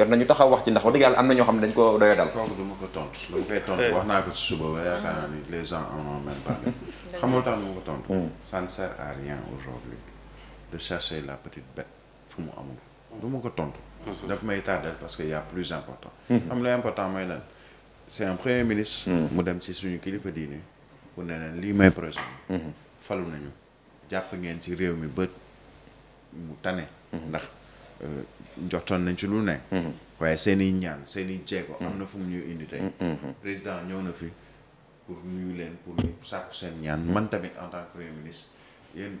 jot nañu taxaw wax ci ndax wax am na xam ne dañ ko doya dal kooku ko tontu lu ma koy tontu wax naa ko ci suba ba yaakaar naa ni les gens en ont même parlé xam nga lu tax du ma ko tontu hmm. ça ne sert à rien de chercher la petite bête fu mu amul du ma ko tontu hmm. daf may tardel parce que y a plus important hmm. am la important mooy lan c'est un premier ministre mu dem ci suñu kilifa diine pour ne leen lii may projet falu nañu jàpp ngeen ci réew mi bët mu tane ndax jotoon nañ ci lu ne. Mhm. waaye seen i ñaan seen i jéego. am na fu mu ñuy indi tey. Mhm, mhm. président ñëw na fi pour nuyu leen pour ñu sàkku seen ñaan man tamit en tant que premier ministre yéen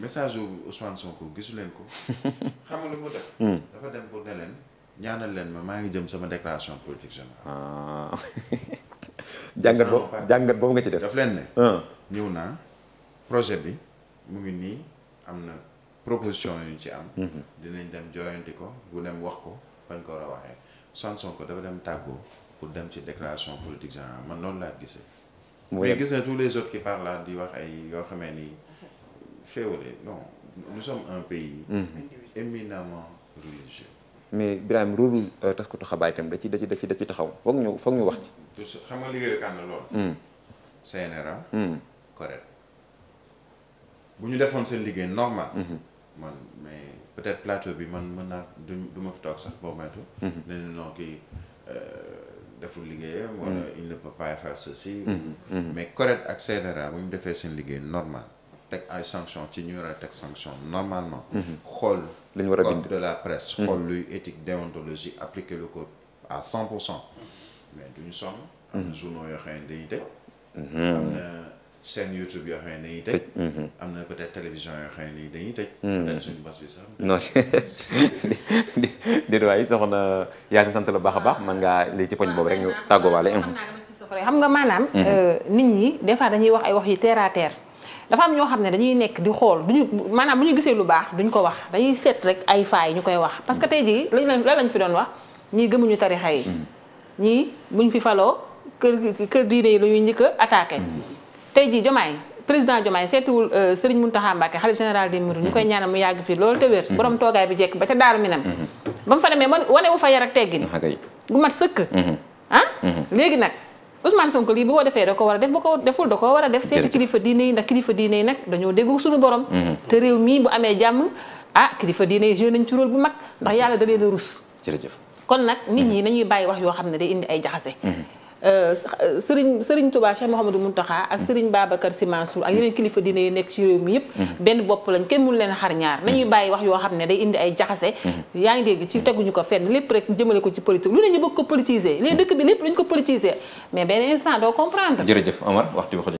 message boobu Ousmane Sonko gisu leen ko. xam nga lu mu def. Hmm. dafa dem pour ne leen ñaanal leen ma maa ngi jëm sama déclaration politique générale. Ah. jàngat boobu jàngat nga ci def. daf leen ne. Hmm. ñëw naa projet bi mu ngi nii am na. proposition yu ñu ci am. Mhm. dinañ dem jooyanti ko bu dem wax ko bañ ko war a waxee Ousmane Sonko dafa dem tàggoo pour dem ci déclaration politique générale man loolu laa gisee. mais gis na tous les autres qui parlent là di wax ay yoo xamee ni féewale non nous sommes un pays. Mhm. éminemment religieux. mais Birame rôle euh, taskatu xabaar itam da ci da ci da ci da ci taxaw foog ñu foog ñu wax ci. xam nga liggéeyu kan la lool. Mhm. CNRA. correct bu ñu defoon seen liggéey normal. man mais peut-être plateau bi man mën naa du ma fi toog sax boo moytu. Mhm. ne non kii euh, deful liggéeyam. wala mhm. il ne peut pas faire mhm. mais correct ak sénéra bu ñu defee seen liggéey normal teg ay sanction ci ñu war a teg sanction normalement. xool li ñu war a bind de la presse. xool luy éthique déontologie appliquer le ko à cent pour cent mais duñu sonn. am na journaux yoo xam ne dañuy chaîne YouTube yoo xam dañuy tëj. Mhm. am na peut-être télévision yoo xam ne mhm. bi sax. non déedéet waaye soxna yaa ngi sant lu baax a baax mën ngaa lii ci poñ boobu rek ñu ah, tàggoo waale. xam nga maanaam. Mhm. Euh, nit ñi des fois dañuy wax ay wax yu terre à dafa am ñoo xam ne dañuy nekk di xool duñu maanaam bu ñu gisee lu baax duñ ko wax dañuy seet rek ay faay ñu koy wax parce que tey jii lañ la lañ fi doon wax ñii gëmuñu tarixa yi. ñii buñ fi faloo kër kër diine yi la njëkk a tey jii Diomaye président Diomaye seetiwul euh, Serigne Mountakha Mbacké xalif général des Mourides ñu koy ñaanal mu yàgg fii loolu te wér mhm. borom toogaay bi jekk ba ca daaru minam mhm. ba mu fa demee wane wu fa yar ak teggin gu mat sëkk mhm. ah léegi nag Ousmane Sonko lii bu ko defee da ko war a def bu ko deful da ko war a def seeti kilifa diine yi ndax kilifa diine yi nag dañoo déggu suñu borom te réew mii bu amee jàmm ah kilifa diine yi joué nañ ci rôle bu mag ndax yàlla da leen a rus jërëjëf kon nag nit ñi nañuy bàyyi wax yoo xam ne day indi ay jaxase Euh, sëriñ euh, sëriñ Touba Cheikh Mouhamadou Mountakha ak mm-hmm. sëriñ Babacar Sy Mansour ak yeneen kilifa diine yi nekk ci réew mi yëpp mm-hmm. benn bopp lañ kenn mun leen xar ñaar mm-hmm. nañuy bàyyi wax yoo xam ne day indi ay jaxase yaa ngi dégg ci teguñu ko fenn lépp rek jëmale ko ci politique lu ne ñu bëgg ko politiser léegi dëkk bi lépp lañ ko politiser mais benn instant doo comprendre jërëjëf Omar waxtu bi